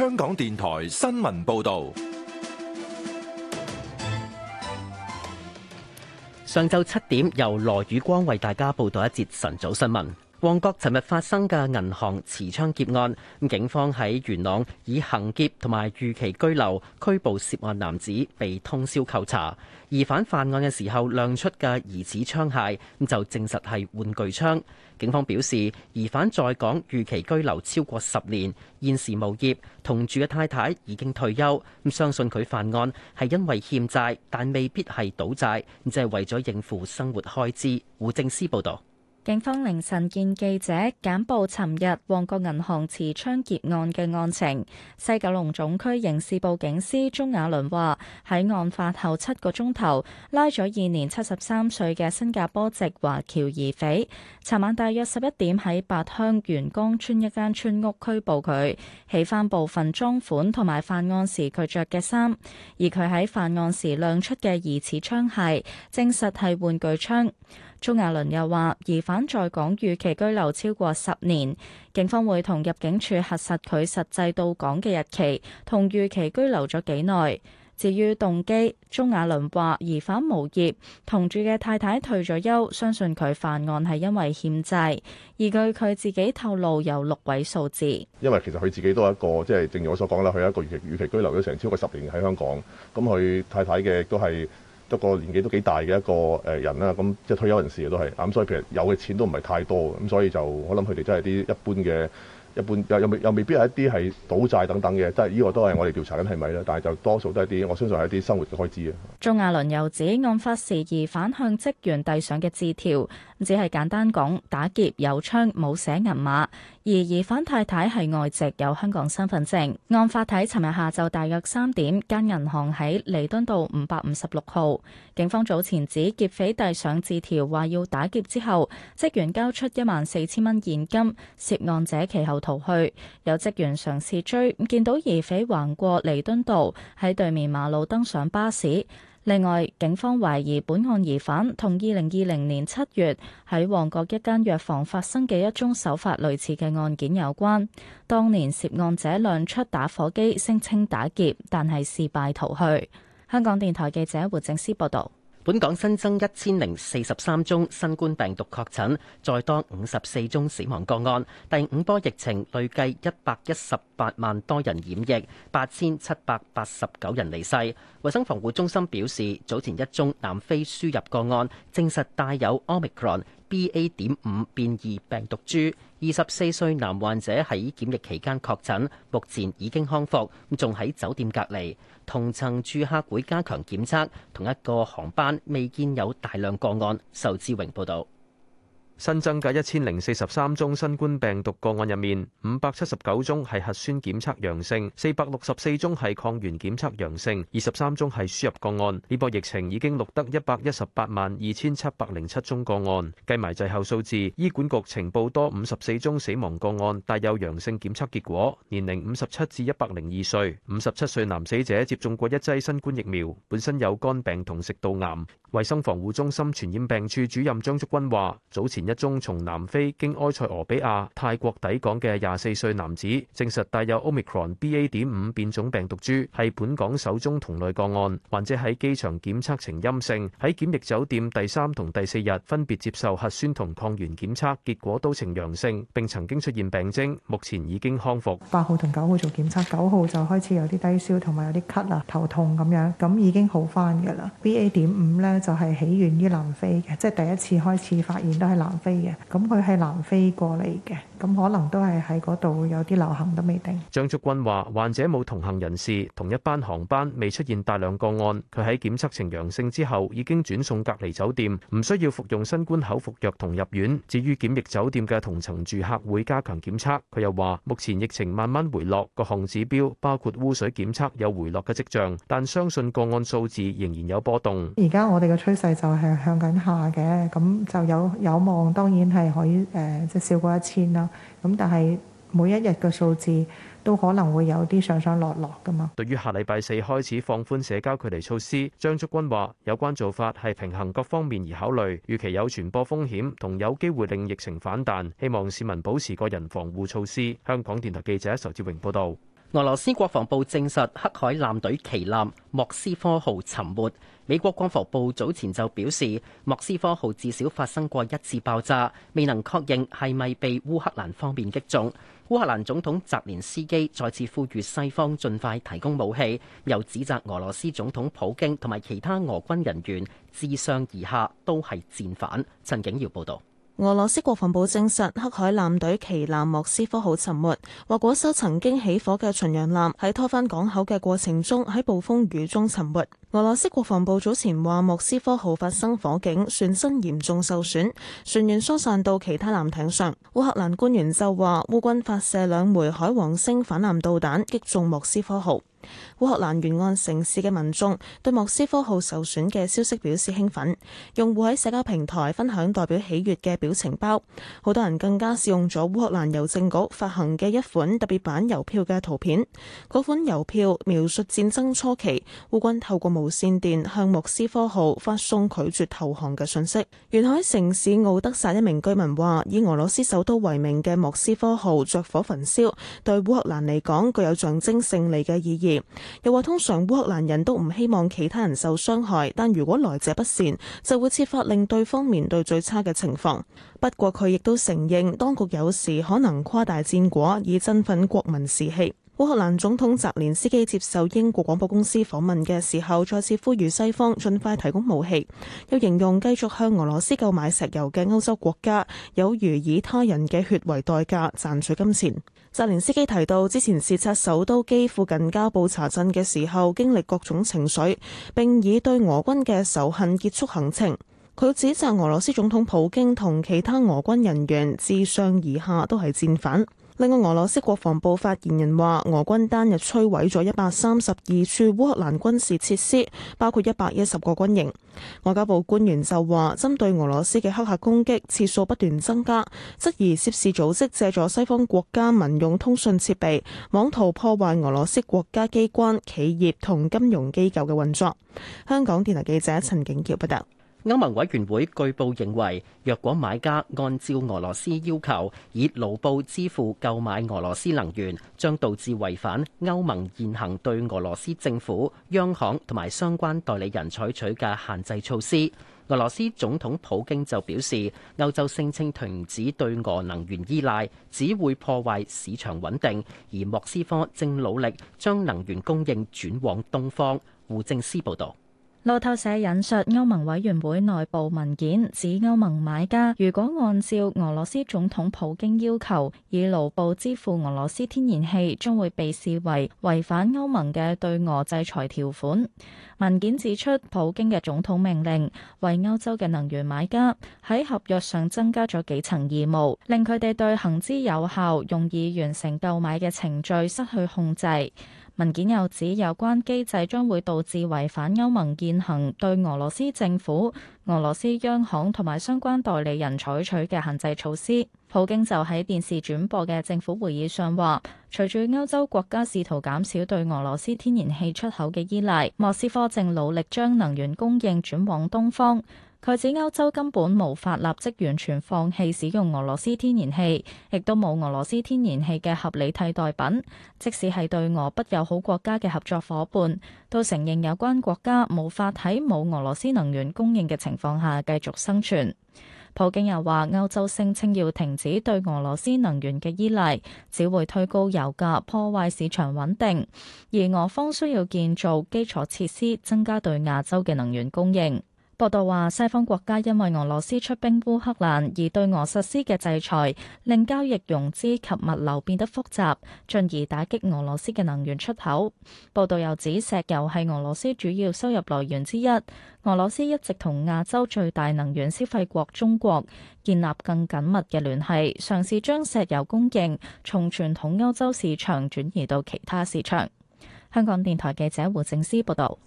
香港電台新聞報道。上晝七點，由羅宇光為大家報道一節晨早新聞。旺角尋日發生嘅銀行持槍劫案，咁警方喺元朗以行劫同埋逾期居留拘捕涉案男子，被通宵扣查。疑犯犯，犯案嘅時候亮出嘅疑似槍械，咁就證實係玩具槍。警方表示，疑犯在港逾期居留超過十年，現時無業，同住嘅太太已經退休，咁相信佢犯案係因為欠債，但未必係賭債，咁即係為咗應付生活開支。胡正思報導。警方凌晨見記者簡報，尋日旺角銀行持槍劫案嘅案情。西九龍總區刑事部警司鍾雅倫話：喺案發後七個鐘頭，拉咗現年七十三歲嘅新加坡籍華僑疑匪，尋晚大約十一點喺八鄉元江村一間村屋拘捕佢，起返部分贓款同埋犯案時佢着嘅衫，而佢喺犯案時亮出嘅疑似槍械，證實係玩具槍。鐘雅倫又話：疑犯在港預期居留超過十年，警方會同入境處核實佢實際到港嘅日期，同預期居留咗幾耐。至於動機，鐘雅倫話疑犯無業，同住嘅太太退咗休，相信佢犯案係因為欠債。而據佢自己透露，有六位數字。因為其實佢自己都有一個，即係正如我所講啦，佢一個預期預期居留咗成超過十年喺香港，咁佢太太嘅都係。一個年紀都幾大嘅一個誒人啦，咁即係退休人士都係，咁所以其實有嘅錢都唔係太多，咁所以就我諗佢哋都係啲一般嘅一般又又未又未必係一啲係賭債等等嘅，即係呢個都係我哋調查緊係咪啦，但係就多數都係啲我相信係一啲生活嘅開支啊。鐘亞倫又指案發時而反向職員遞上嘅字條。只係簡單講，打劫有槍冇寫銀碼，而疑犯太太係外籍，有香港身份證。案發喺尋日下晝大約三點，間銀行喺彌敦道五百五十六號。警方早前指劫匪遞上字條，話要打劫之後，職員交出一萬四千蚊現金，涉案者其後逃去。有職員嘗試追，見到疑匪橫過彌敦道，喺對面馬路登上巴士。另外，警方懷疑本案疑犯同二零二零年七月喺旺角一間藥房發生嘅一宗手法類似嘅案件有關。當年涉案者亮出打火機聲稱打劫，但係事敗逃去。香港電台記者胡正思報道。本港新增一千零四十三宗新冠病毒確診，再多五十四宗死亡個案。第五波疫情累計一百一十八萬多人染疫，八千七百八十九人離世。衛生防護中心表示，早前一宗南非輸入個案，證實帶有 omicron。B. A. 點五變異病毒株，二十四歲男患者喺檢疫期間確診，目前已經康復，仲喺酒店隔離，同層住客會加強檢測，同一個航班未見有大量個案。仇志榮報道。新增嘅一千零四十三宗新冠病毒個案入面，五百七十九宗係核酸檢測陽性，四百六十四宗係抗原檢測陽性，二十三宗係輸入個案。呢波疫情已經錄得一百一十八萬二千七百零七宗個案。計埋滯後數字，醫管局呈報多五十四宗死亡個案帶有陽性檢測結果，年齡五十七至一百零二歲，五十七歲男死者接種過一劑新冠疫苗，本身有肝病同食道癌。衛生防護中心傳染病處主任張竹君話早前，一宗從南非經埃塞俄比亞、泰國抵港嘅廿四歲男子，證實帶有 Omicron BA. 點五變種病毒株，係本港首宗同類個案。患者喺機場檢測呈陰性，喺檢疫酒店第三同第四日分別接受核酸同抗原檢測，結果都呈陽性，並曾經出現病徵，目前已經康復。八號同九號做檢測，九號就開始有啲低燒同埋有啲咳啊、頭痛咁樣，咁已經好返噶啦。BA. 點五咧就係起源於南非嘅，即係第一次開始發現都係南飛嘅，咁佢係南非過嚟嘅，咁可能都係喺嗰度有啲流行都未定。張竹君話：患者冇同行人士，同一班航班未出現大量個案。佢喺檢測呈陽性之後，已經轉送隔離酒店，唔需要服用新冠口服藥同入院。至於檢疫酒店嘅同層住客會加強檢測。佢又話：目前疫情慢慢回落，各項指標包括污水檢測有回落嘅跡象，但相信個案數字仍然有波動。而家我哋嘅趨勢就係向緊下嘅，咁就有有望。當然係可以誒，即少過一千啦。咁但係每一日嘅數字都可能會有啲上上落落噶嘛。對於下禮拜四開始放寬社交距離措施，張竹君話：有關做法係平衡各方面而考慮，預期有傳播風險同有機會令疫情反彈。希望市民保持個人防護措施。香港電台記者仇志榮報導。俄羅斯國防部證實黑海艦隊旗艦莫斯科號沉沒。美國國防部早前就表示，莫斯科號至少發生過一次爆炸，未能確認係咪被烏克蘭方面擊中。烏克蘭總統澤連斯基再次呼籲西方盡快提供武器，又指責俄羅斯總統普京同埋其他俄軍人員自上而下都係戰犯。陳景堯報導。俄羅斯國防部證實黑海艦隊旗艦莫斯科號沉沒，話嗰艘曾經起火嘅巡洋艦喺拖返港口嘅過程中喺暴風雨中沉沒。俄羅斯國防部早前話莫斯科號發生火警，船身嚴重受損，船員疏散到其他艦艇上。烏克蘭官員就話，烏軍發射兩枚海王星反艦導彈擊中莫斯科號。烏克蘭沿岸城市嘅民眾對莫斯科號受損嘅消息表示興奮，用戶喺社交平台分享代表喜悅嘅表情包，好多人更加試用咗烏克蘭郵政局發行嘅一款特別版郵票嘅圖片。嗰款郵票描述戰爭初期烏軍透過無線電向莫斯科號發送拒絕投降嘅信息。沿海城市奧德薩一名居民話，以俄羅斯首都為名嘅莫斯科號着火焚燒，對烏克蘭嚟講具有象徵勝利嘅意義。又話通常烏克蘭人都唔希望其他人受傷害，但如果來者不善，就會設法令對方面對最差嘅情況。不過佢亦都承認，當局有時可能誇大戰果，以振奮國民士氣。烏克蘭總統澤連斯基接受英國廣播公司訪問嘅時候，再次呼籲西方盡快提供武器，又形容繼續向俄羅斯購買石油嘅歐洲國家，有如以他人嘅血為代價賺取金錢。澤連斯基提到，之前視察首都基輔附近加布查鎮嘅時候，經歷各種情緒，並以對俄軍嘅仇恨結束行程。佢指責俄羅斯總統普京同其他俄軍人員自上而下都係戰犯。另外，俄羅斯國防部發言人話，俄軍單日摧毀咗一百三十二處烏克蘭軍事設施，包括一百一十個軍營。外交部官員就話，針對俄羅斯嘅黑客攻擊次數不斷增加，質疑涉事組織借咗西方國家民用通訊設備，妄圖破壞俄羅斯國家機關、企業同金融機構嘅運作。香港電台記者陳景橋報道。歐盟委員會據報認為，若果買家按照俄羅斯要求以盧布支付購買俄羅斯能源，將導致違反歐盟現行對俄羅斯政府、央行同埋相關代理人採取嘅限制措施。俄羅斯總統普京就表示，歐洲聲稱停止對俄能源依賴，只會破壞市場穩定，而莫斯科正努力將能源供應轉往東方。胡正思報導。路透社引述歐盟委員會內部文件指，歐盟買家如果按照俄羅斯總統普京要求以盧布支付俄羅斯天然氣，將會被視為違反歐盟嘅對俄制裁條款。文件指出，普京嘅總統命令為歐洲嘅能源買家喺合約上增加咗幾層義務，令佢哋對行之有效、容易完成購買嘅程序失去控制。文件又指，有關機制將會導致違反歐盟現行對俄羅斯政府、俄羅斯央行同埋相關代理人採取嘅限制措施。普京就喺電視轉播嘅政府會議上話，隨住歐洲國家試圖減少對俄羅斯天然氣出口嘅依賴，莫斯科正努力將能源供應轉往東方。佢指歐洲根本無法立即完全放棄使用俄羅斯天然氣，亦都冇俄羅斯天然氣嘅合理替代品。即使係對俄不友好國家嘅合作夥伴，都承認有關國家無法喺冇俄羅斯能源供應嘅情況下繼續生存。普京又話，歐洲聲稱要停止對俄羅斯能源嘅依賴，只會推高油價，破壞市場穩定。而俄方需要建造基礎設施，增加對亞洲嘅能源供應。報道話，西方國家因為俄羅斯出兵烏克蘭而對俄實施嘅制裁，令交易融資及物流變得複雜，進而打擊俄羅斯嘅能源出口。報道又指，石油係俄羅斯主要收入來源之一。俄羅斯一直同亞洲最大能源消費國中國建立更緊密嘅聯繫，嘗試將石油供應從傳統歐洲市場轉移到其他市場。香港電台記者胡正思報導。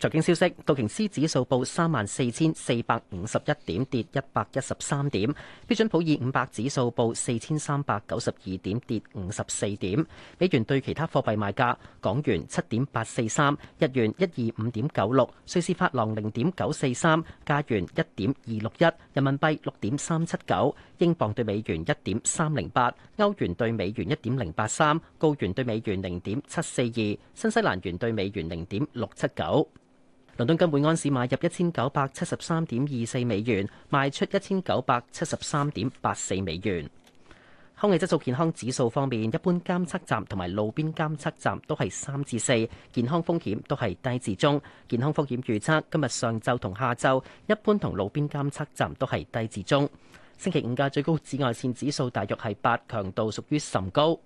財經消息：道瓊斯指數報三萬四千四百五十一點，跌一百一十三點，標準普爾五百指數報四千三百九十二點，跌五十四點，美元兌其他貨幣賣價，港元七點八四三，日元一二五點九六，瑞士法郎零點九四三，加元一點二六一，人民幣六點三七九，英鎊兌美元一點三零八，歐元兌美元一點零八三，澳元兌美元零點七四二，新西蘭元兌美元零點六七九。倫敦金每安士買入一千九百七十三點二四美元，賣出一千九百七十三點八四美元。空氣質素健康指數方面，一般監測站同埋路邊監測站都係三至四，健康風險都係低至中。健康風險預測今日上晝同下晝，一般同路邊監測站都係低至中。星期五嘅最高紫外綫指數大約係八，強度屬於甚高。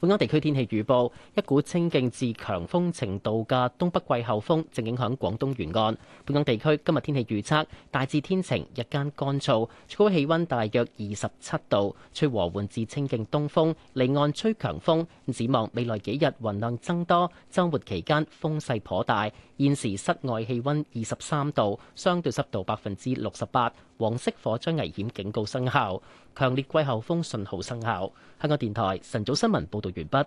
本港地區天氣預報：一股清勁至強風程度嘅東北季候風正影響廣東沿岸。本港地區今日天氣預測大致天晴，日間乾燥，最高氣温大約二十七度，吹和緩至清勁東風，離岸吹強風。展望未來幾日雲量增多，周末期間風勢頗大。現時室外氣温二十三度，相對濕度百分之六十八，黃色火災危險警告生效，強烈季候風信號生效。香港電台晨早新聞報道完畢。